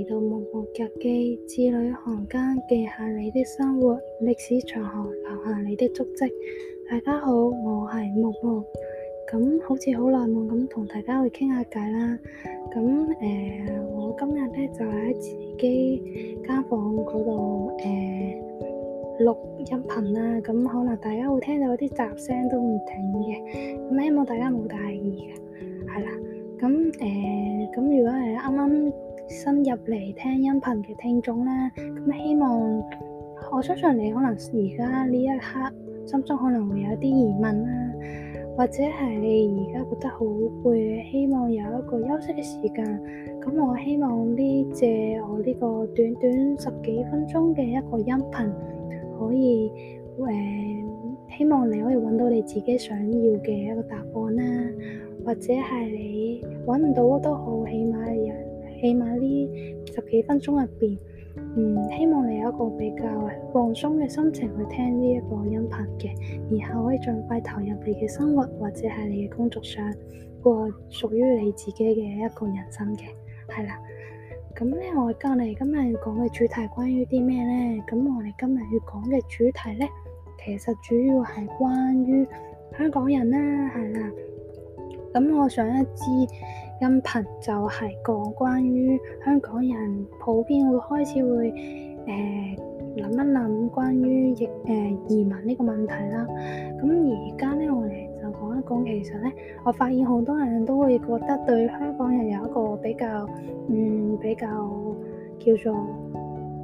嚟到木木日記，字裏行間，記下你的生活，歷史長河留下你的足迹。大家好，我係木木，咁好似好耐冇咁同大家去傾下偈啦。咁誒，我今日咧就喺自己間房嗰度誒錄音頻啦。咁可能大家會聽到有啲雜聲都唔停嘅，咁希望大家冇大意嘅係啦。咁誒，咁如果係啱啱。新入嚟聽音頻嘅聽眾啦，咁希望我相信你可能而家呢一刻心中可能會有啲疑問啦，或者係你而家覺得好攰，希望有一個休息嘅時間。咁我希望呢、這、借、個、我呢個短短十幾分鐘嘅一個音頻，可以誒、呃，希望你可以揾到你自己想要嘅一個答案啦，或者係你揾唔到都好，起碼有人。起碼呢十幾分鐘入邊，嗯，希望你有一個比較放鬆嘅心情去聽呢一個音頻嘅，然後可以盡快投入你嘅生活或者係你嘅工作上，過屬於你自己嘅一個人生嘅，係啦。咁、嗯、咧，我哋今日要講嘅主題關於啲咩呢？咁我哋今日要講嘅主題呢，其實主要係關於香港人啦，係啦。咁我想一知。音頻就係講關於香港人普遍會開始會誒諗、呃、一諗關於疫誒、呃、移民呢個問題啦。咁而家咧，我哋就講一講。其實咧，我發現好多人都會覺得對香港人有一個比較，嗯，比較叫做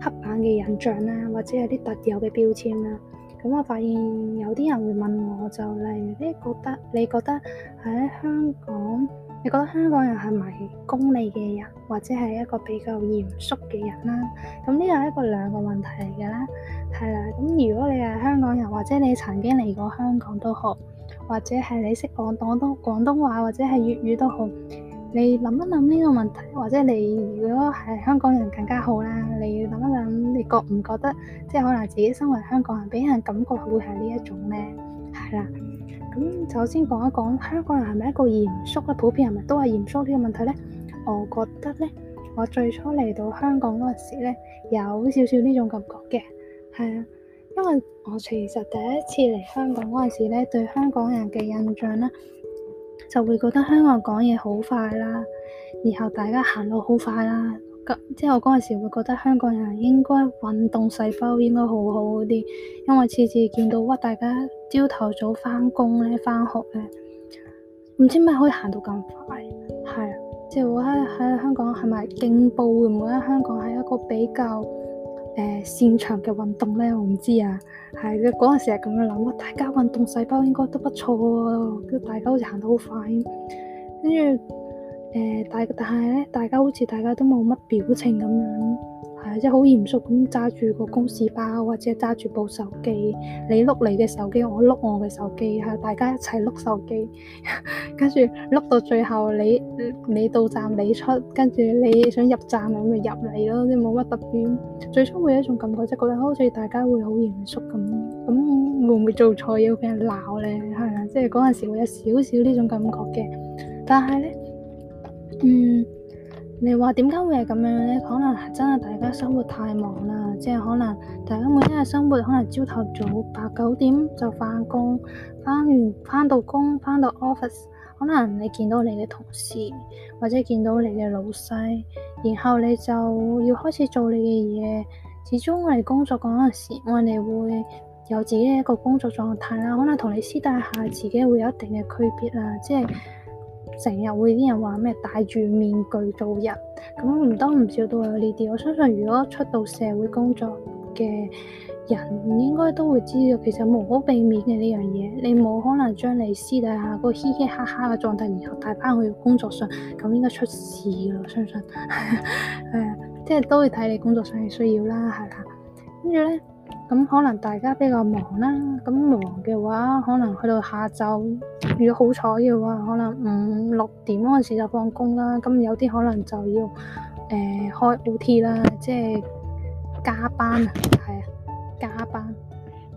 刻板嘅印象啦，或者有啲特有嘅標籤啦。咁、嗯、我發現有啲人會問我，就例如咧，覺得你覺得喺香港？你覺得香港人係咪功利嘅人，或者係一個比較嚴肅嘅人啦？咁呢個係一個兩個問題嚟嘅啦，係啦。咁如果你係香港人，或者你曾經嚟過香港都好，或者係你識講廣東廣東話或者係粵語都好，你諗一諗呢個問題，或者你如果係香港人更加好啦，你諗一諗，你覺唔覺得即係可能自己身為香港人，俾人感覺會係呢一種呢？係啦。嗯，首先講一講香港人係咪一個嚴肅咧？普遍係咪都係嚴肅呢個問題呢？我覺得呢，我最初嚟到香港嗰陣時呢，有少少呢種感覺嘅，係啊，因為我其實第一次嚟香港嗰陣時呢，對香港人嘅印象呢，就會覺得香港人講嘢好快啦，然後大家行路好快啦。之後嗰陣時會覺得香港人應該運動細胞應該好好啲，因為次次見到嘩，大家朝頭早返工咧、返學咧，唔知咩可以行到咁快，係啊，即係我喺喺香港係咪競步嘅？會唔會，香港係一個比較誒、呃、擅長嘅運動咧，我唔知啊。係嗰陣時係咁樣諗，大家運動細胞應該都不錯啊、哦，大家好似行得好快，跟住。誒，但但係咧，大家好似大家都冇乜表情咁樣，係即係好嚴肅咁揸住個公事包或者揸住部手機，你碌你嘅手機，我碌我嘅手機，係大家一齊碌手機，跟住碌到最後，你你到站你出，跟住你想入站咁咪入嚟咯，即冇乜特別。最初會有一種感覺，即係覺得好似大家會好嚴肅咁，咁會唔會做錯嘢要俾人鬧咧？係啊，即係嗰陣時會有少少呢種感覺嘅，但係咧。嗯，你話點解會係咁樣咧？可能真係大家生活太忙啦，即係可能大家每日嘅生活可能朝頭早八九點就翻工，翻完翻到工翻到 office，可能你見到你嘅同事或者見到你嘅老細，然後你就要開始做你嘅嘢。始終我哋工作嗰陣時，我哋會有自己一個工作狀態啦，可能同你私底下自己會有一定嘅區別啦，即係。成日會啲人話咩戴住面具做人，咁唔多唔少都有呢啲。我相信如果出到社會工作嘅人，應該都會知道其實無可避免嘅呢樣嘢。你冇可能將你私底下個嘻嘻哈哈嘅狀態，然後帶翻去工作上，咁應該出事咯。我相信誒、 啊，即係都會睇你工作上嘅需要啦，係啦。跟住咧。咁可能大家比較忙啦，咁忙嘅話，可能去到下晝，如果好彩嘅話，可能五六點嗰陣時就放工啦。咁有啲可能就要誒、呃、開 O T 啦，即係加班啊，係啊，加班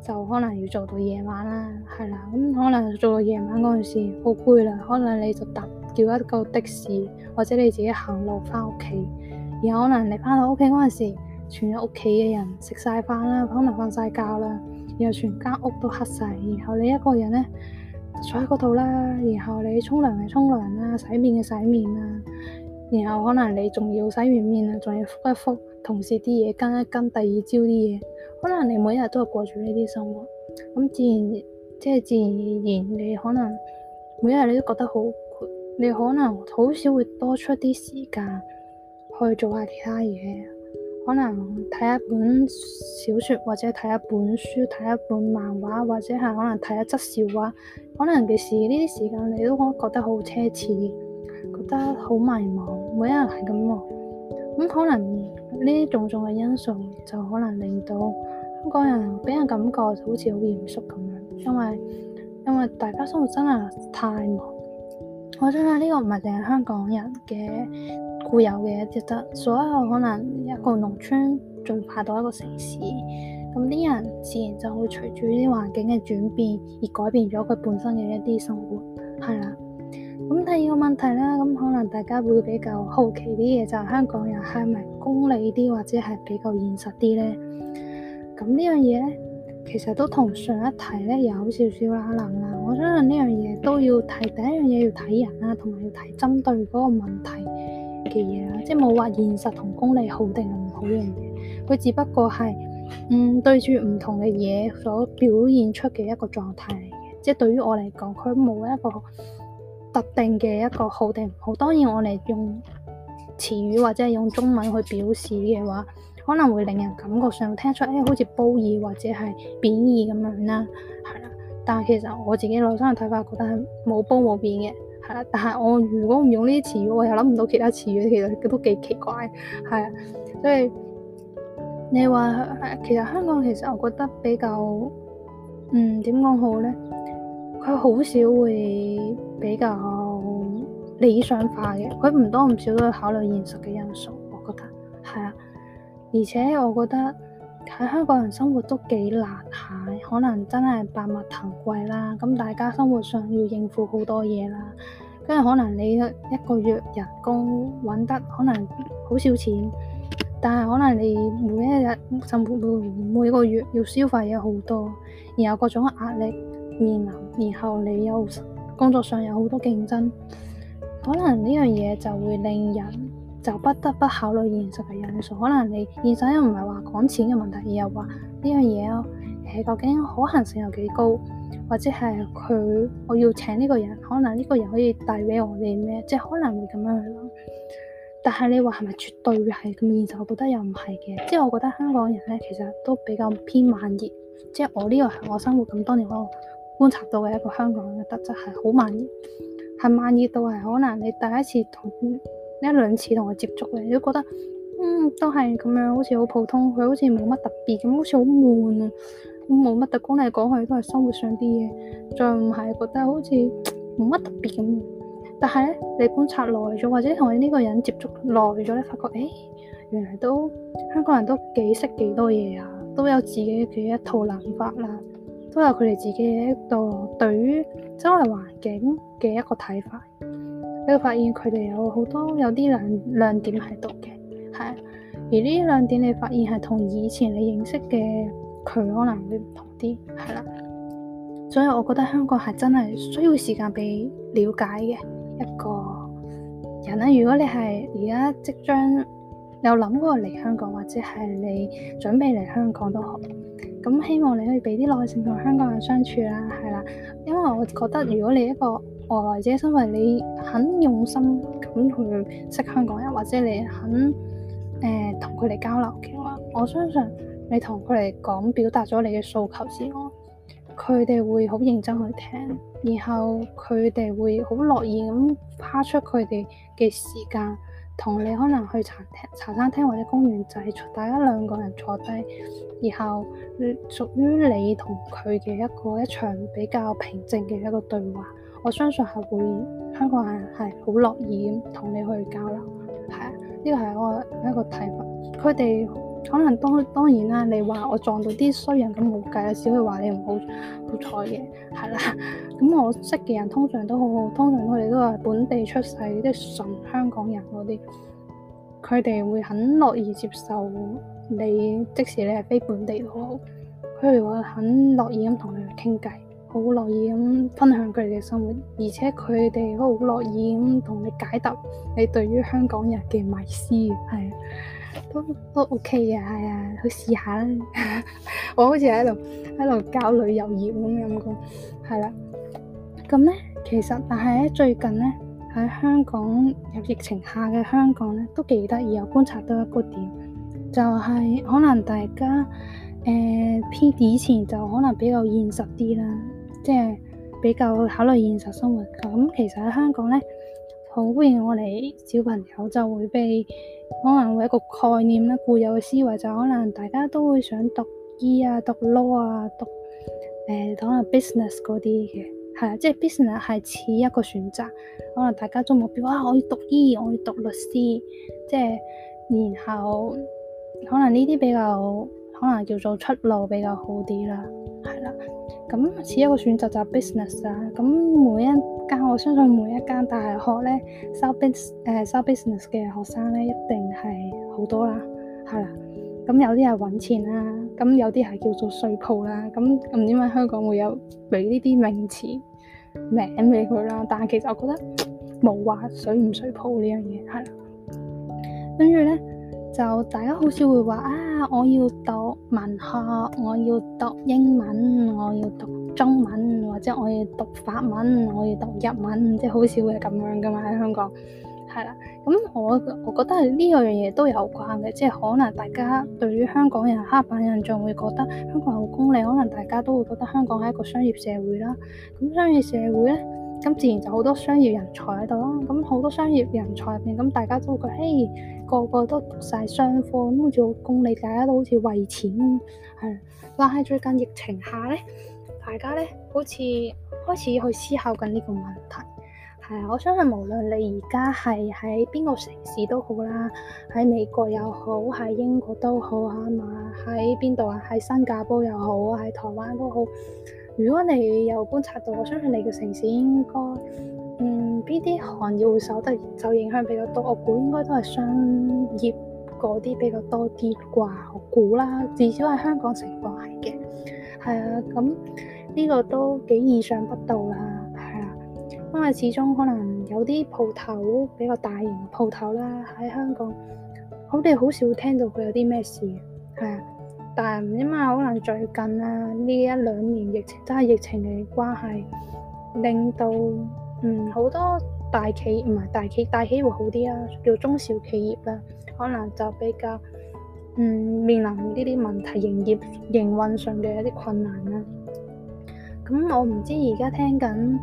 就可能要做到夜晚啦，係啦、啊。咁可能做到夜晚嗰陣時好攰啦，可能你就搭叫一個的士，或者你自己行路翻屋企。有可能你翻到屋企嗰陣時，全屋企嘅人食晒飯啦，可能瞓晒覺啦，然後全間屋都黑晒。然後你一個人呢，坐喺嗰度啦。然後你沖涼嘅沖涼啦，洗面嘅洗面啦，然後可能你仲要洗完面啊，仲要覆一覆，同事啲嘢跟一跟第二朝啲嘢，可能你每一日都係過住呢啲生活咁，自然即係、就是、自然而然，你可能每一日你都覺得好攰。你可能好少會多出啲時間去做下其他嘢。可能睇一本小説，或者睇一本書，睇一本漫畫，或者係可能睇一則笑話。可能嘅時呢啲時間你都覺得好奢侈，覺得好迷茫。每一日係咁忙，咁可能呢啲種種嘅因素就可能令到香港人俾人感覺好似好嚴肅咁樣，因為因為大家生活真係太忙。我真係呢、呢個唔係淨係香港人嘅。固有嘅嘢，即得。所有可能一個農村進化到一個城市，咁啲人自然就會隨住啲環境嘅轉變而改變咗佢本身嘅一啲生活，係啦。咁第二個問題咧，咁可能大家會比較好奇啲嘢，就係香港人係咪功利啲，或者係比較現實啲呢？咁呢樣嘢呢，其實都同上一題呢有少少啦，可能啦。我相信呢樣嘢都要睇第一樣嘢，要睇人啦，同埋要睇針對嗰個問題。嘅嘢啦，即係冇話現實同功利好定係唔好一樣嘢。佢只不過係，嗯，對住唔同嘅嘢所表現出嘅一個狀態嚟嘅，即係對於我嚟講，佢冇一個特定嘅一個好定唔好。當然我哋用詞語或者係用中文去表示嘅話，可能會令人感覺上聽出，誒、哎，好似褒義或者係貶義咁樣啦，係啦。但係其實我自己內心嘅睇法，覺得係冇褒冇貶嘅。係啦，但係我如果唔用呢啲詞語，我又諗唔到其他詞語，其實都幾奇怪。係啊，所以你話其實香港其實我覺得比較，嗯，點講好咧？佢好少會比較理想化嘅，佢唔多唔少都會考慮現實嘅因素。我覺得係啊，而且我覺得喺香港人生活都幾難。可能真係百物騰貴啦，咁大家生活上要應付好多嘢啦。跟住可能你一個月人工搵得可能好少錢，但係可能你每一日生活每每個月要消費有好多，然後各種壓力面臨，然後你又工作上有好多競爭，可能呢樣嘢就會令人。就不得不考慮現實嘅因素，可能你現實又唔係話講錢嘅問題，而係話呢樣嘢咯，係究竟可行性有幾高，或者係佢我要請呢個人，可能呢個人可以帶俾我哋咩，即係可能會咁樣去諗。但係你話係咪絕對係咁現實？我覺得又唔係嘅，即係我覺得香港人咧其實都比較偏慢熱，即係我呢個係我生活咁多年我觀察到嘅一個香港人嘅特質係好慢熱，係慢熱到係可能你第一次同。一兩次同佢接觸你都覺得嗯，都係咁樣，好似好普通，佢好似冇乜特別，咁好似好悶啊，冇乜特工嚟講，佢都係生活上啲嘢，再唔係覺得好似冇乜特別咁。但係咧，你觀察耐咗，或者同你呢個人接觸耐咗咧，發覺誒、哎，原來都香港人都幾識幾多嘢啊，都有自己嘅一套諗法啦，都有佢哋自己嘅一個對於周圍環境嘅一個睇法。你會發現佢哋有好多有啲亮亮點喺度嘅，係。而呢啲亮點你發現係同以前你認識嘅佢可能會唔同啲，係啦。所以我覺得香港係真係需要時間俾了解嘅一個人啦。如果你係而家即將有諗過嚟香港，或者係你準備嚟香港都好，咁希望你可以俾啲耐性同香港人相處啦，係啦。因為我覺得如果你一個外來者，身為你很用心咁去識香港人，或者你很誒同佢哋交流嘅話，我相信你同佢哋講表達咗你嘅訴求之後，佢哋會好認真去聽，然後佢哋會好樂意咁花出佢哋嘅時間同你可能去茶廳、茶餐廳或者公園仔坐，就係、大家兩個人坐低，然後屬於你同佢嘅一個一場比較平靜嘅一個對話。我相信係會香港人係好樂意咁同你去交流，係啊，呢個係我一個睇法。佢哋可能當當然啦，你話我撞到啲衰人咁冇計啊，只可以話你唔好好彩嘅，係啦。咁我識嘅人通常都好好，通常佢哋都係本地出世，即係純香港人嗰啲，佢哋會很樂意接受你，即使你係非本地都好，佢哋會很樂意咁同你去傾偈。好樂意咁分享佢哋嘅生活，而且佢哋都好樂意咁同你解答你對於香港人嘅迷思，係都都 OK 嘅，係啊，去試下啦。 我好似喺度喺度教旅遊業咁咁講，係啦。咁咧，其實但係咧，最近咧喺香港有疫情下嘅香港咧，都幾得意有觀察到一個點，就係、是、可能大家誒，P、呃、以前就可能比較現實啲啦。即係比較考慮現實生活咁，其實喺香港咧，普遍我哋小朋友就會被可能會一個概念啦，固有嘅思維，就可能大家都會想讀醫啊，讀 law 啊，讀誒、呃、可能 business 嗰啲嘅，係啊，即係 business 係似一個選擇，可能大家都目標啊，我要讀醫，我要讀律師，即係然後可能呢啲比較可能叫做出路比較好啲啦，係啦。咁似一個選擇就 business 啦。咁每一間，我相信每一間大學咧，收 business、呃、business 嘅學生咧一定係好多啦，係啦。咁有啲係搵錢啦，咁有啲係叫做水鋪啦。咁唔點解香港會有俾呢啲名詞名俾佢啦？但係其實我覺得冇話水唔水鋪呢樣嘢係啦。跟住咧。就大家好少會話啊，我要讀文學，我要讀英文，我要讀中文，或者我要讀法文，我要讀日文，即係好少會咁樣噶嘛喺香港。係啦，咁我我覺得係呢兩樣嘢都有關嘅，即係可能大家對於香港人、黑板人仲會覺得香港好功利，可能大家都會覺得香港係一個商業社會啦。咁商業社會咧，咁自然就好多商業人才喺度啦。咁好多商業人才入邊，咁大家都會覺得誒。Hey, 個個都讀晒雙科，咁做功利，大家都好似為錢，係。但係最近疫情下咧，大家咧好似開始去思考緊呢個問題，係啊。我相信無論你而家係喺邊個城市都好啦，喺美國又好，喺英國都好啊嘛，喺邊度啊？喺新加坡又好，喺台灣都好。如果你有觀察到，我相信你嘅城市應該。邊啲行業會受得就影響比較多？我估應該都係商業嗰啲比較多啲啩。我估啦，至少喺香港情況係嘅，係啊。咁、嗯、呢個都幾意想不到啦，係啊。因為始終可能有啲鋪頭比較大型嘅鋪頭啦，喺香港我哋好少聽到佢有啲咩事，係啊。但係唔知嘛，可能最近啊呢一兩年疫情真係疫情嘅關係，令到。嗯，好多大企唔係大企，大企會好啲啦、啊，叫中小企業啦、啊，可能就比較嗯面臨呢啲問題，營業營運上嘅一啲困難啦、啊。咁、嗯、我唔知而家聽緊誒、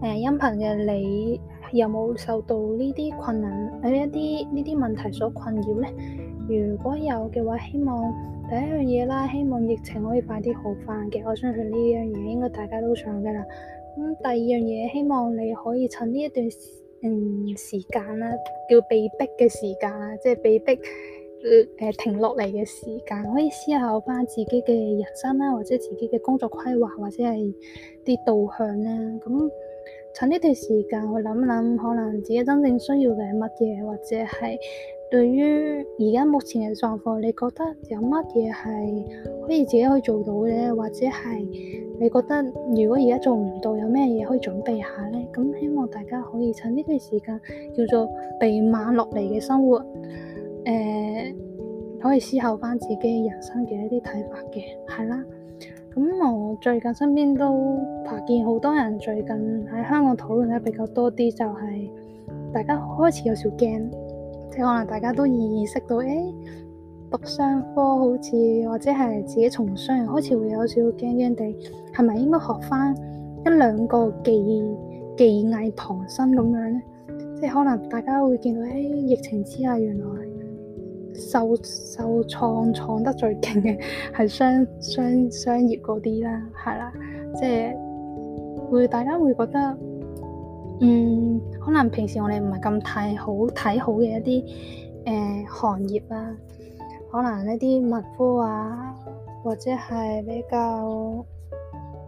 呃、音頻嘅你有冇受到呢啲困難呢一啲呢啲問題所困擾呢？如果有嘅話，希望第一樣嘢啦，希望疫情可以快啲好返嘅。我相信呢樣嘢應該大家都想㗎喇。咁第二樣嘢，希望你可以趁呢一段時，嗯，時間啦，叫被逼嘅時間啦，即係被逼誒、呃、停落嚟嘅時間，可以思考翻自己嘅人生啦，或者自己嘅工作規劃，或者係啲導向啦。咁趁呢段時間去諗一諗，可能自己真正需要嘅係乜嘢，或者係。對於而家目前嘅狀況，你覺得有乜嘢係可以自己可以做到嘅？或者係你覺得如果而家做唔到，有咩嘢可以準備下呢？咁、嗯、希望大家可以趁呢段時間叫做被慢落嚟嘅生活，誒、呃、可以思考返自己人生嘅一啲睇法嘅，係啦。咁、嗯、我最近身邊都爬見好多人最近喺香港討論得比較多啲、就是，就係大家開始有少驚。可能大家都意識到，誒讀商科好似或者係自己從商，開始會有少少驚驚地，係咪應該學返一兩個技技藝傍身咁樣咧？即係可能大家會見到，誒疫情之下，原來受受創創得最勁嘅係商商商業嗰啲啦，係啦，即係會大家會覺得。嗯，可能平時我哋唔係咁睇好睇好嘅一啲誒、呃、行業啊，可能一啲物科啊，或者係比較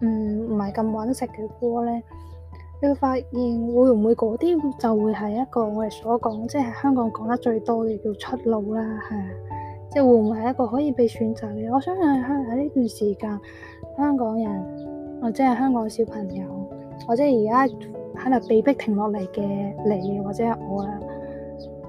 嗯唔係咁穩食嘅科咧，你會發現會唔會嗰啲就會係一個我哋所講即係香港講得最多嘅叫出路啦，係啊，即係、就是、會唔會係一個可以被選擇嘅？我相信喺香港呢段時間，香港人或者係香港小朋友或者而家。喺度被逼停落嚟嘅你或者係我啊，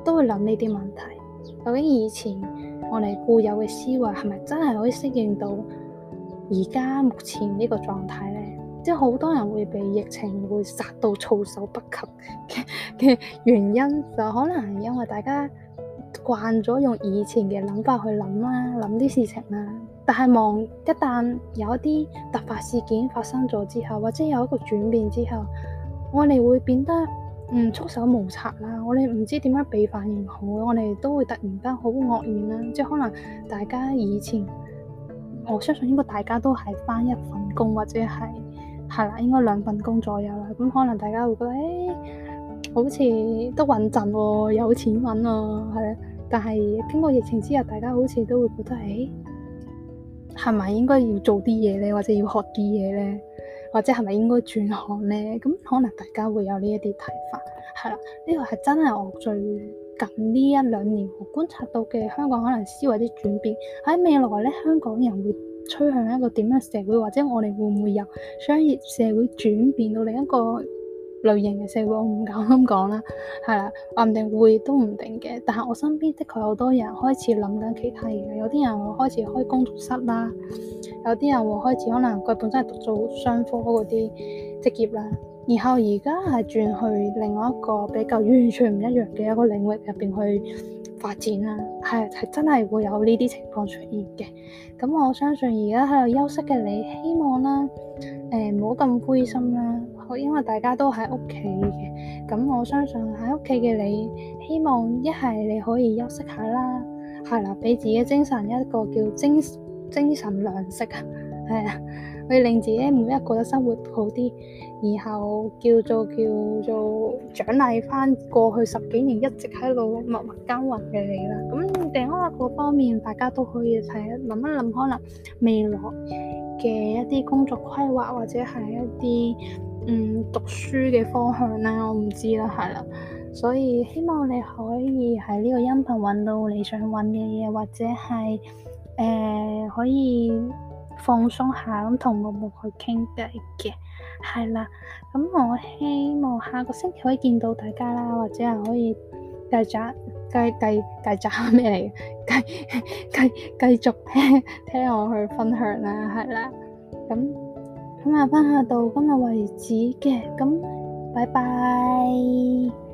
都會諗呢啲問題。究竟以前我哋固有嘅思維，係咪真係可以適應到而家目前呢個狀態咧？即係好多人會被疫情會殺到措手不及嘅原因，就可能係因為大家慣咗用以前嘅諗法去諗啦、啊，諗啲事情啦、啊。但係望一旦有一啲突發事件發生咗之後，或者有一個轉變之後。我哋會變得唔束手無策啦，我哋唔知點樣俾反應好，我哋都會突然間好愕然啦，即係可能大家以前我相信應該大家都係返一份工或者係係啦，應該兩份工左右啦，咁可能大家會覺得誒、欸、好似都穩陣喎，有錢揾喎、啊，係啦，但係經過疫情之後，大家好似都會覺得誒係咪應該要做啲嘢咧，或者要學啲嘢咧？或者係咪應該轉行呢？咁可能大家會有呢一啲睇法，係啦，呢、呢個係真係我最近呢一兩年我觀察到嘅香港可能思維啲轉變。喺未來呢，香港人會趨向一個點樣嘅社會，或者我哋會唔會由商業社會轉變到另一個類型嘅社會，我唔敢咁講啦，係啦，話唔定會都唔定嘅。但係我身邊的確好多人開始諗緊其他嘢，有啲人會開始開工作室啦，有啲人會開始可能佢本身係讀做商科嗰啲職業啦，然後而家係轉去另外一個比較完全唔一樣嘅一個領域入邊去發展啦，係係真係會有呢啲情況出現嘅。咁我相信而家喺度休息嘅你，希望啦，誒，唔好咁灰心啦。因為大家都喺屋企嘅，咁我相信喺屋企嘅你，希望一係你可以休息下啦，係啦，俾自己精神一個叫精精神糧食啊，係啊，去令自己每一個都生活好啲，然後叫做叫做獎勵翻過去十幾年一直喺度默默默耕耘嘅你啦。咁定規劃方面，大家都可以睇諗一諗，可能未來嘅一啲工作規劃，或者係一啲。嗯，讀書嘅方向啦，我唔知啦，係啦，所以希望你可以喺呢個音頻搵到你想搵嘅嘢，或者係誒、呃、可以放鬆下咁同木木去傾偈嘅，係啦的，咁我希望下個星期可以見到大家啦，或者係可以繼續繼繼繼續咩嚟嘅，繼繼繼，繼，繼續聽聽我去分享啦，係啦，咁。咁啊，返下到今日為止嘅，咁，拜拜。